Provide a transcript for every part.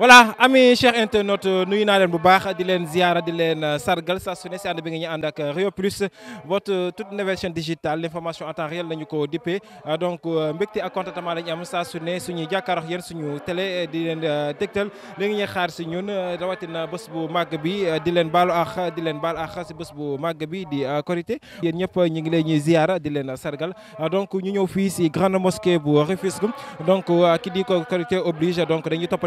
voilà ami cher internaute nuyu naa leen bu baax di leen ziara di leen euh, sargal saa su ne si ànd bi nga ñu ànd ak euh, Rio Plus votre euh, toute nouvelle chaîne digitale en temps réel la ñu ko dippee donc mbégte ak contentement la ñu am saa su ne suñuy jàkkaarloo ak yéen suñu télé di leen tegtal li nga ñuy xaar si ñun rawatina bu màgg bi di leen baalu àq di leen baal àq si bés bu mag bi di korité yéen ñëpp ñu ngi leen ñuy ziara di leen sargal donc ñu ñëw fii si grande mosquée bu Rufisque donc ki ko korité oblige donc dañuy topp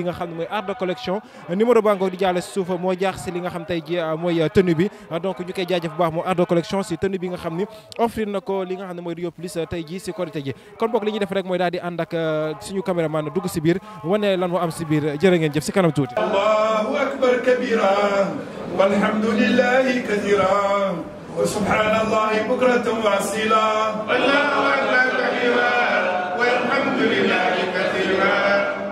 ki nga xam ne mooy art de collection numéro bango di jàll si suuf moo jaax si li nga xam tey ji ah, mooy ah, tenue bi ah, donc ñu koy jaajëf bu baax moom art collection si tenue bi nga xam ni offrir na ko li nga xam ne mooy Rio Plus tey ji si korité ji kon bokk li ñuy def rek mooy daal di ànd ak suñu caméraman dugg si biir wane lan moo am si biir jërë ngeen jëf si kanam tuuti allahu akbar kabira walhamdulillahi kathira wa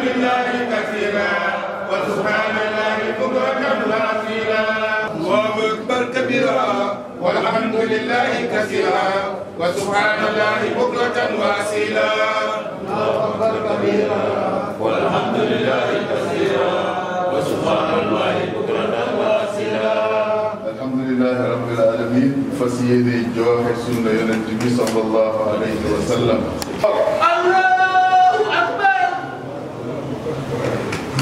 لله كثيرا وسبحان الله بكرة وأصيلا الله أكبر كبيرا والحمد لله كثيرا وسبحان الله بكرة وأصيلا الله أكبر كبيرا والحمد لله كثيرا وسبحان الله بكرة وأصيلا الحمد لله رب العالمين فسيدي جواهر سنة يونس صلى الله عليه وسلم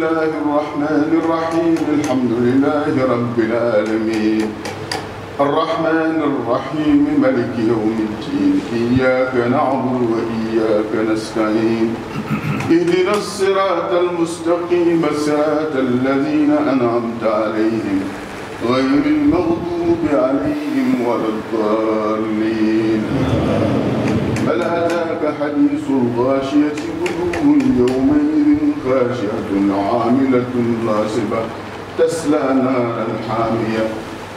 الله الرحمن الرحيم الحمد لله رب العالمين الرحمن الرحيم ملك يوم الدين إياك نعبد وإياك نستعين اهدنا الصراط المستقيم صراط الذين أنعمت عليهم غير المغضوب عليهم ولا الضالين بل أتاك حديث الغاشية وجوه يومئذ خاشعة عاملة ناصبة تسلى نارا حامية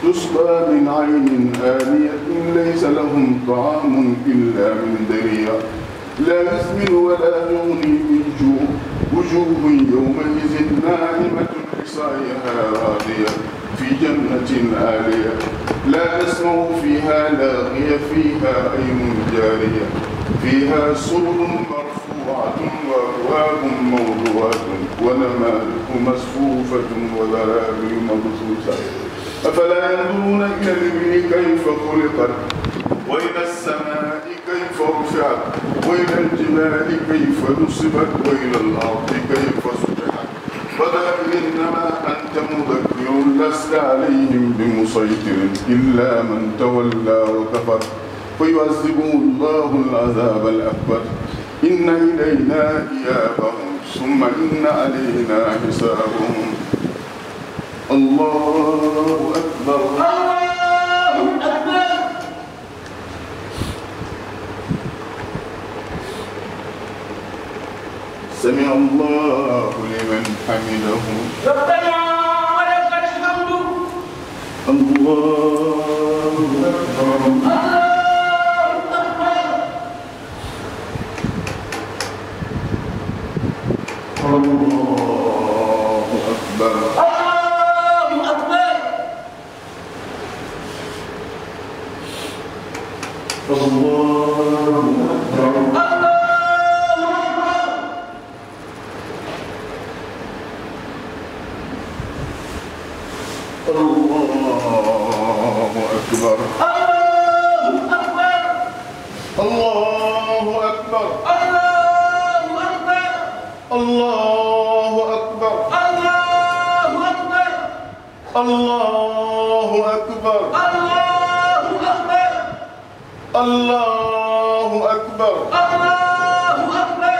تسقى من عين آنية ليس لهم طعام إلا من ذريع لا يسمن ولا يغني من جوع وجوه يومئذ ناعمة لصاعها راضية في جنة عالية لا تسمع فيها لاغية فيها عين جارية فيها سرر مرفوع أطلعتم وأهواكم موضوعة ونمارق مصفوفة وذرابي مبثوثة أفلا ينظرون إلى الإبل كيف خلقت وإلى السماء كيف رفعت وإلى الجبال كيف نصبت وإلى الأرض كيف سطحت فذكر إنما أنت مذكر لست عليهم بمسيطر إلا من تولى وكفر فيعذبه الله العذاب الأكبر إن إلينا إيابهم ثم إن علينا حسابهم الله أكبر الله أكبر سمع الله لمن حمده ربنا ولك الحمد الله أكبر الله الله أكبر الله أكبر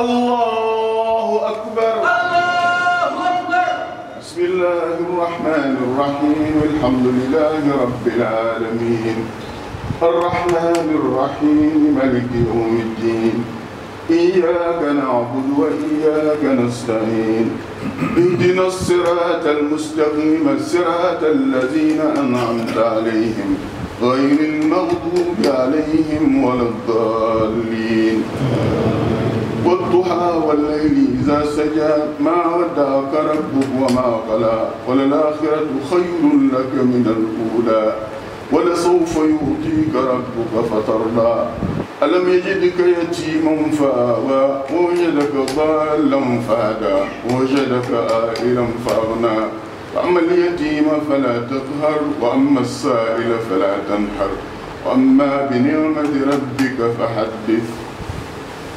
الله أكبر الله أكبر بسم الله الرحمن الرحيم الحمد لله رب العالمين الرحمن الرحيم ملك يوم الدين إياك نعبد وإياك نستعين اهدنا الصراط المستقيم الصراط الذين أنعمت عليهم غير المغضوب عليهم ولا الضالين والضحى والليل إذا سجى ما ودعك ربك وما قلى وللآخرة خير لك من الأولى ولسوف يؤتيك ربك فترضى ألم يجدك يتيما فآوى ووجدك ضالا فهدى ووجدك آئلا فأغنى فأما اليتيم فلا تقهر وأما السائل فلا تنحر وأما بنعمة ربك فحدث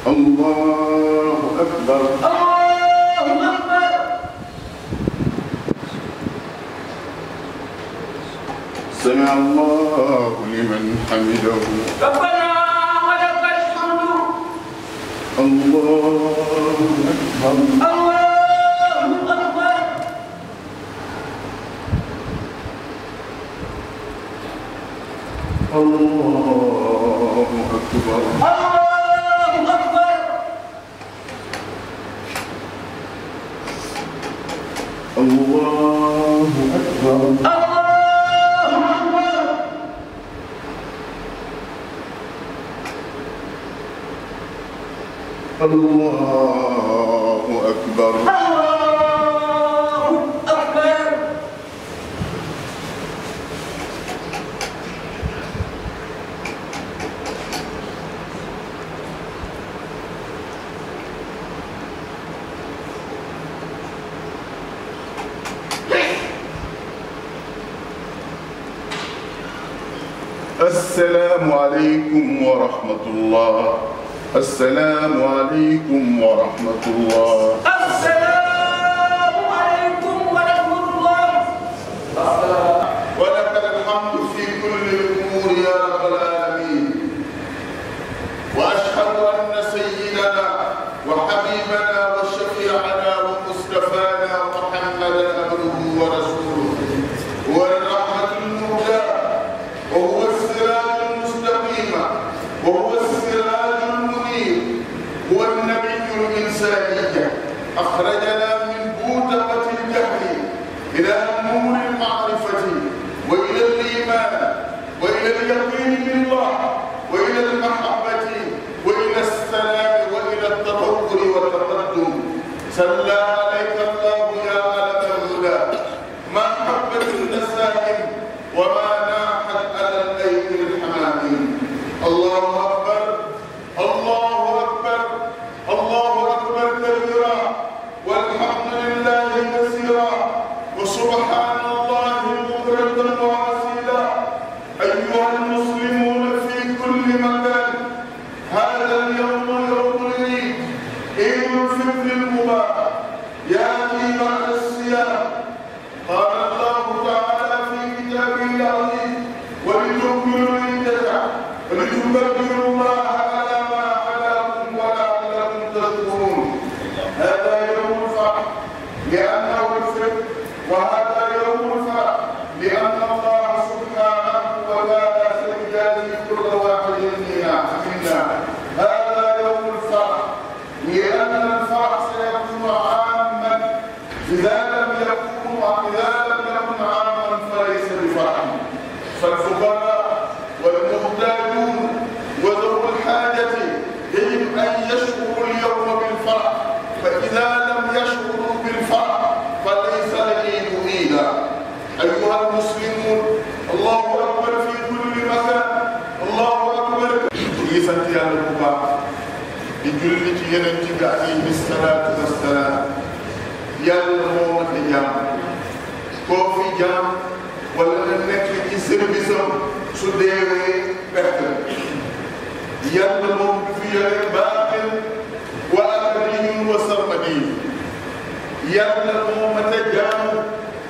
الله أكبر الله أكبر سمع الله لمن حمده ربنا ولك الحمد الله أكبر الله Allahu asalaamualeykum wa rahmatullah asalaamualeykum wa rahmatullah وهو السراج المنير هو النبي الإنسانية أخرجنا من بوتقة الجهل إلى نور المعرفة وإلى الإيمان وإلى اليقين بالله وإلى المحبة وإلى السلام وإلى التطور والتقدم سلام إذا لم يكن إذا لم يكن عاما فليس بفرح فالفقراء والمهتم service am su deewee perte yàlla moom du fi yore baaxin waa li ñun wa sarmadi yàlla moo mat a jaamu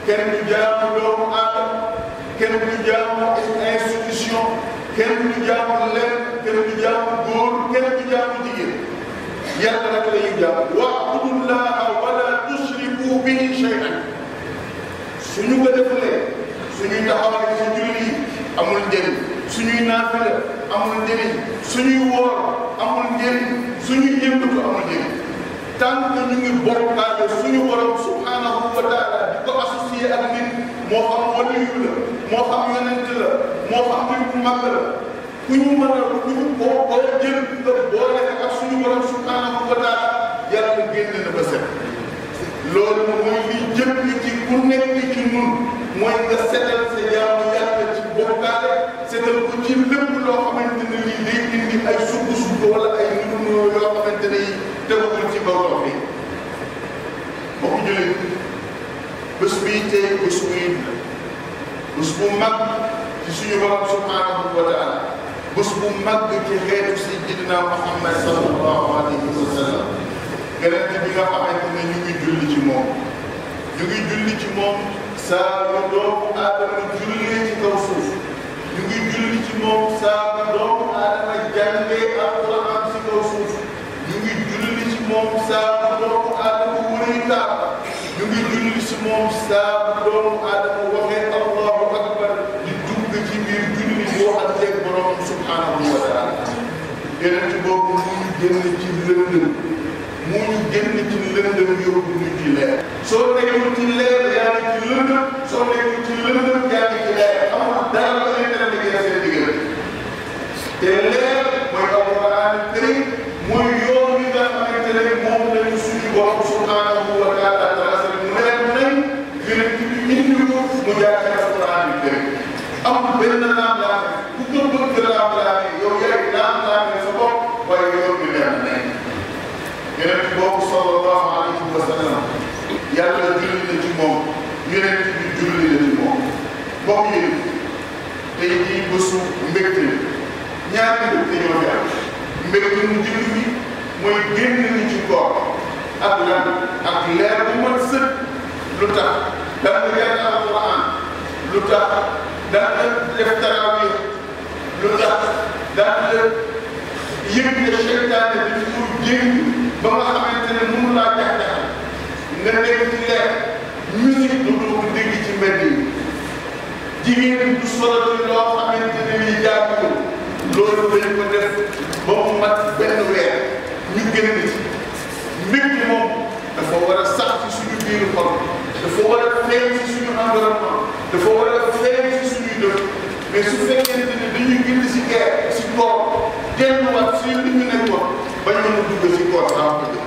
kenn du jaamu doomu aadama kenn du jaamu institution kenn du jaamu lenn kenn du jaamu góor kenn du jaamu jigéen yàlla nag la ñuy jaamu waabudullaha wala tushriku bihi shay'an suñu ko defalee suñuy taxawaay ci julli yi amul njëriñ suñuy naafila amul njëriñ suñuy woor amul njëriñ amul njëriñ tant ñu ngi bokkaale suñu borom subhanahu wa taala di ko associé ak la moo xam ñu mën a ku ñu boo boo jël suñu borom subhanahu wa taala yàlla génne na ba set loolu mooy li jëm ci ku nekk ci ñun. mooy nga setal sa yàlla yàlla ci bokkaale setal ko ci lépp loo xamante ne lii day indi ay sukku sukku wala ay nunu yoo xamante ne yi tegagul ci bawlox bi bokk jullit bés bii tey bés bu yit la bés bu mag ci suñu borom subhanahu wa taala bés bu mag ci xeetu sayyidina Muhammad sallallahu alayhi wa sallam gërëm bi nga xamante ne saa bu doomu aadama jullee ci kaw suuf ñu ngi julli ci moom saa bu doomu aadama jàngee alquran ci kaw suuf ñu ngi julli ci moom saa doomu aadama wëree ñu ngi julli ci moom saa doomu aadama waxee allahu akbar di dugg ci biir julli di waxanteeg borom subhanahu wa taala ci boobu ñu génn ci lëndëm moo ñu génn ci lëndëm yóbbu ñu ci leer soo nekkul ci leer yaa ngi ci lëndëm soo nekkul ci lëndëm yaa ngi ci leer amul dara la ngay dara di gën seen diggante te leer mooy alquran kër mooy yoon bi nga xamante ne moom ñaari mbir dañoo jàpp mbir mi mu njëkk bi mooy génn ni ci koor ak lan ak leer bu mën sët lu tax daan na jàng alquran lu tax daan na def tarawih lu tax daan na yëg ne seytaane bi mu génn ba nga xamante ne mënu laa jax jaxal nga dégg leer musique du doo ko dégg ci mbedd yi jigéen du solati loo xamante ne nii jaaduwul loolu dañ ko def ba mu mat benn weer ñu génn ci mbir mi moom dafa war a sax ci suñu biiru xol dafa war a feeñ ci suñu environnement dafa war a feeñ ci suñuy dëkk mais su fekkente ne dañuy génn si guerre si koor delluwaat si li ñu nekkoon bañ mën a dugg si koor daa ko def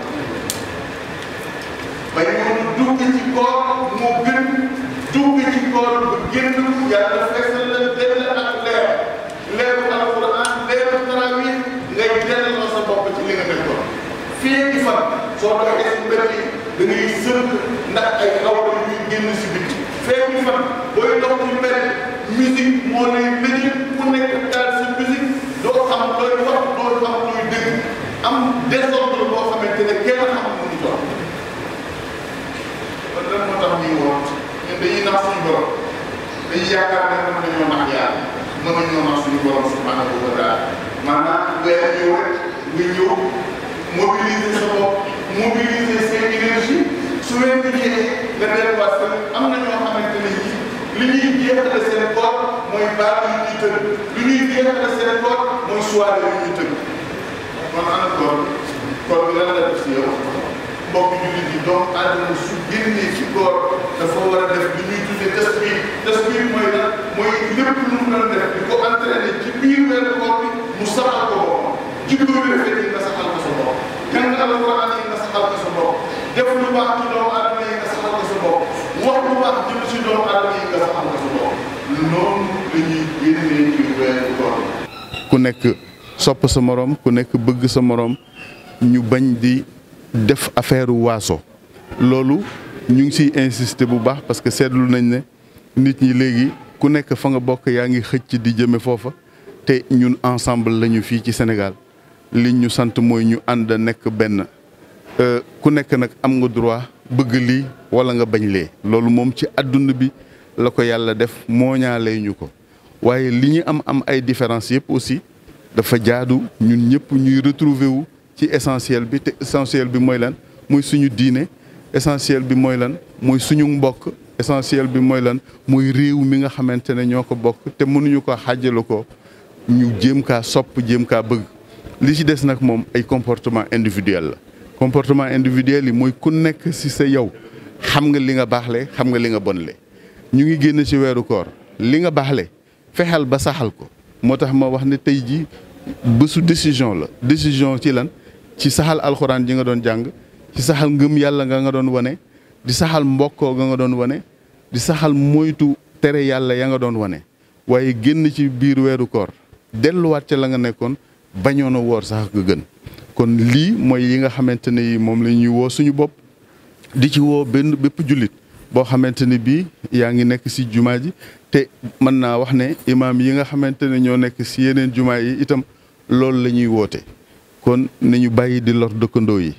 bañ mën a dugg ci koor moo gën dugg ci koor ba génn yàlla feesal la soo ko defee si mbedd yi da ngay ndax ay awar yu génn si biti feeñu fan booy dox ci mbedd musique moo lay bëri ku nekk taal si musique doo xam looy wax doo xam looy dégg am désordre boo xamante ne kenn xamul mu ngi doon kon lan moo tax ñuy woon ñun dañuy nax suñu borom dañuy yaakaar ne mën nañoo nax yàlla mën nañoo nax suñu borom subhanahu wa taala maanaam weer ñëw rek nga ñëw mobiliser sa bopp mobiliser seen énergie su leen liggéeyee nga delluwaat seen am na ñoo xamante ne nii li ñuy jeexale seen koor mooy baax yi ñuy tënk li ñuy jeexale seen koor mooy soirée yi ñuy tënk kon ana koor koor bi lan la def si yow mbokk jullit yi doomu aadama su génnee ci koor dafa war a def li ñuy tuddee tasbih tasbih mooy lan mooy lépp lu mu doon def di ko entraîné ci biir weer koor bi mu saxal ko boppam ci biir rafet yi nga saxal ku nekk sopp sa moroom ku nekk bëgg sa moroom ñu bañ di def affaire waaso loolu ñu ngi siy insister bu baax parce que seetlu nañ ne nit ñi léegi ku nekk fa nga bokk yaa ngi xëcc di jëme foofa te ñun ensemble lañu fii ci senegal li ñu sant mooy ñu ànd nekk benn euh, ku nekk nag am nga droit bëgg lii wala nga bañ lee loolu moom ci àdduna bi la ko yàlla def moo ñaalee ñu ko waaye li ñu am am ay différence yëpp aussi dafa jaadu ñun ñëpp ñuy retrouver wu ci essentiel bi te essentiel bi mooy lan mooy suñu diine essentiel bi mooy lan mooy suñu mbokk essentiel bi mooy lan mooy réew mi nga xamante ne ñoo ko bokk te mënuñu ko xàjjale ko ñu jéem kaa sopp jéem kaa bëgg li ci des nag moom ay comportement individuel la comportement individuel yi mooy ku nekk ci sa yow xam nga li nga baax baaxle xam nga li nga bonle ñu ngi génn ci weeru koor li nga baax baaxle fexeel ba saxal ko moo tax ma wax ne tey ji bésu décision la décision ci lan ci saxal alxuraan ji nga doon jàng ci saxal ngëm yàlla nga nga doon wane di saxal mbokkoo nga nga doon wane di saxal moytu tere yàlla ya nga doon wane waaye génn ci biir weeru koor delluwaat ca la nga nekkoon bañoon a woor sax ak gën kon lii mooy yi nga xamante ne moom la ñuy woo suñu bopp di ci woo benn bépp jullit boo xamante ni bii yaa ngi nekk si jumaa ji te mën naa wax ne imaam yi nga xamante ne ñoo nekk si yeneen jumaa yi itam loolu la ñuy woote kon nañu bàyyi di lor dëkkandoo yi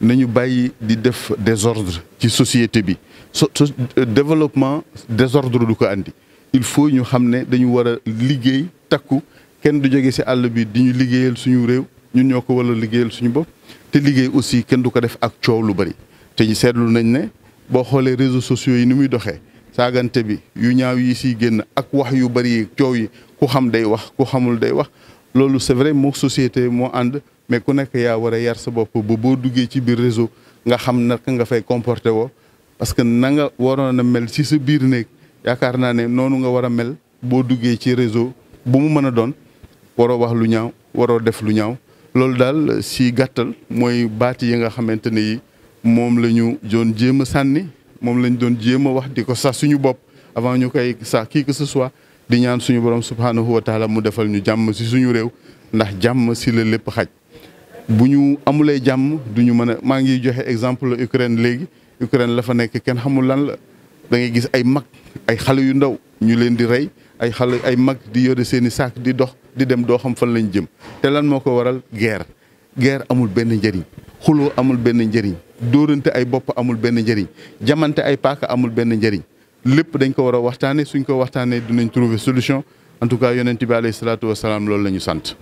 nañu bàyyi di def désordre ci société bi so euh, développement désordre du ko andi il faut ñu xam ne dañu war a liggéey takku kenn du jege si àll bi di ñu liggéeyal suñu réew ñun ñoo ko wala liggéeyal suñu bopp te liggéey aussi kenn du ko def ak coow lu bari te ñu seetlu nañ ne boo xoolee réseau sociaux yi ni muy doxee saagante bi yu ñaaw yi siy génn ak wax yu bari coow yi ku xam day wax ku xamul day wax loolu c'est vrai moo société moo ànd mais ku nekk yaa war a yar sa bopp bu boo duggee ci biir réseau nga xam naka nga fay comporté woo parce que na nga waroon a mel si sa biir néeg yaakaar naa ne noonu nga war a mel boo duggee ci réseau bu mu mën a doon waroo wax lu ñaaw waroo def lu ñaaw loolu daal si gàttal mooy baat yi nga xamante ne yi moom la ñu doon jéem a sànni moom la doon jéem a wax di ko sax suñu bopp avant ñu koy sax kii ko ce soit di ñaan suñu borom subhanahu wa taala mu defal ñu jàmm si suñu réew ndax jàmm si la lépp xaj bu ñu amulee jàmm duñu ñu mën a maa ngi joxe exemple Ukraine léegi Ukraine la fa nekk kenn xamul lan la da ngay gis ay mag ay xale yu ndaw ñu leen di rey ay mag di yore di dem doo xam fan lañ jëm te lan moo ko waral guerre guerre amul benn njëriñ xuloo amul benn njëriñ dóorante ay bopp amul benn njëriñ jamante ay paaka amul benn njëriñ lépp dañ ko war a waxtaane suñ ko waxtaanee dinañ trouver solution en tout cas yonent bi alayhi salaatu wasalaam loolu la ñu sant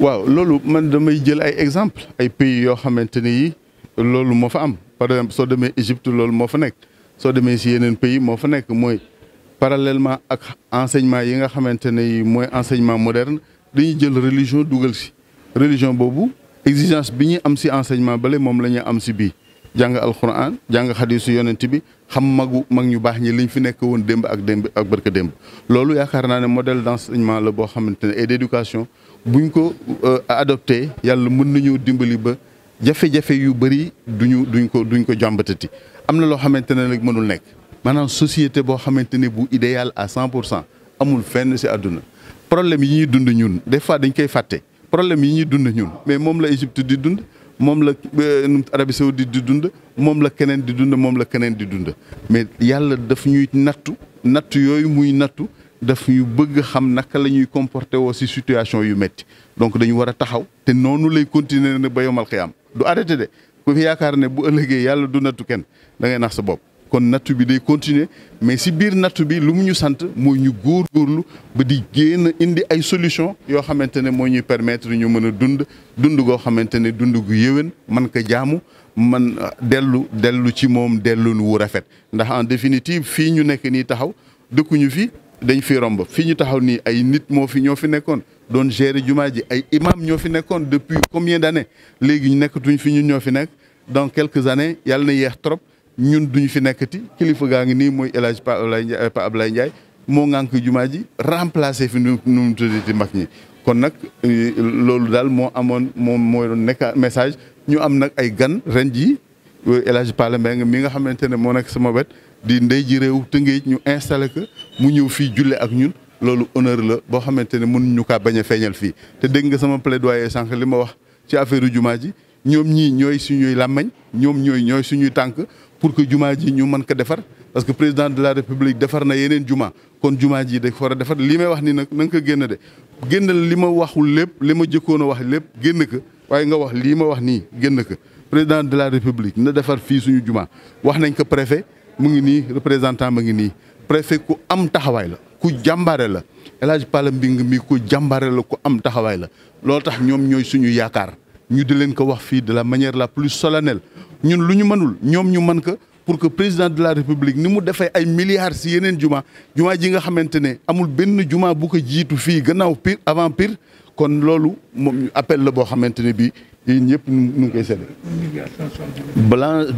waaw loolu man damay jël ay exemple ay pays yoo xamante ne yi loolu moo fa am par exemple soo demee Égypte loolu moo fa nekk soo demee si yeneen pays moo fa nekk mooy parallèlement ak enseignement yi nga xamante ne mooy enseignement moderne dañuy jël religion dugal si religion boobu exigence bi ñu am si enseignement bale moom la ñuy am si bii jàng alquran jàng xadisu yonent bi xam magu mag ñu baax ñi liñ fi nekk woon démb ak démb ak barka démb loolu yaakaar naa ne modèle d'enseignement la boo xamante ne et d'éducation buñ ko euh, adopté yàlla mën dimbali ba jafe-jafe yu bëri duñu duñ ko duñ ko jàmbatati am na loo xamante ne nag mënul nekk maanaam société boo xamante ne bu idéal à cent pour cent amul fenn si àdduna problème yi ñuy dund ñun des fois dañ koy fàtte problème yi ñuy dund ñun mais moom la Égypte di dund moom la euh, Arabie Saoudite di dund moom la keneen di dund moom la keneen di dund mais yàlla daf ñuy nattu natt yooyu muy nattu daf ñu bëgg xam naka la ñuy comporté woo si situation yu métti donc dañu war a taxaw te noonu lay continuer na ba yomal xiyaam du arrêté de ku fi yaakaar ne bu ëllëgee yàlla du nattu kenn da nax sa bopp kon nattu bi day continuer mais si biir nattu bi lu mu ñu sant mooy ñu góor góorgóorlu ba di génn indi ay solution yoo xamante ne moo ñuy permettre ñu mën a dund dund goo xamante ne dund gu yéwén man ko jaamu man dellu dellu ci moom dellu wu rafet ndax en définitive fii ñu nekk nii taxaw dëkkuñu fi dañ fi romb fii ñu taxaw nii ay nit moo fi ñoo fi nekkoon doon gérer jumaa ji ay imam ñoo fi nekkoon depuis combien d'années léegi ñu nekkatuñ fi ñun ñoo fi nekk donc quelques années yàlla na yeex trop ñun duñu fi nekk ti kilifa gaa ngi nii mooy El Hadj Pa Ablaye Ndiaye moo ngànk jumaa ji remplacer fi nu mu tuddati mag ñi kon nag euh, loolu daal moo amoon moom mooy doon nekk message ñu am nag ay gan ren jii euh, El Hadj Pala Mbengue mi nga xamante ne moo nekk sama wet di ndey ji réew Tëngéej ñu installé que mu ñëw fii julle ak ñun loolu honneur la boo xamante ne mën ñu kaa baña feeñal fii te dégg nga sama plaidoyer sànq li ma wax ci affaire jumaa ji ñoom ñii ñooy suñuy làmmañ ñoom ñooy ñooy suñuy tànk pour que jumaa ji ñu mën ko defar parce que président de la république defar na yeneen juma kon juma ji dañ ko war a defar lii may wax nii nag na nga ko génn de génnal li ma waxul lépp li ma jëkkoon a wax lépp génn ko waaye nga wax lii ma wax nii génn ko président de la république na defar fii suñu juma wax nañ ko préfet mu ngi nii représentant ma ngi nii préfet ku am taxawaay la ku jàmbaare la El Hadj Pala Mbing mi ku jàmbaare la ko am taxawaay la loolu tax ñoom ñooy suñu yaakaar ñu di leen ko wax fii de la manière la plus solennelle ñun lu ñu mënul ñoom ñu mën ko pour que président de la république ni mu defee ay milliards si yeneen juma juma ji nga xamante ne amul benn juma bu ko jiitu fii gannaaw pire avant pire kon loolu moom appel la boo xamante ne bii yéen ñëpp ñu ngi koy séddee.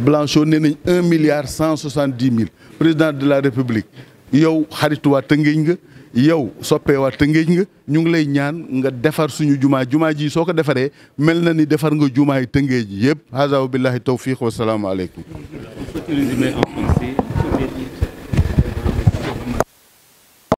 Blanchot nee nañ un milliard cent soixante dix mille président de la république. yow xaritu waa Tëngéej nga yow soppee waa Tëngéej nga ñu ngi lay ñaan nga defar suñu jumaa jumaa ji soo ko defaree mel na ni defar nga jumaa yi Tëngéej yëpp. haza wa billahi tawfiq wa salaamu aleykum.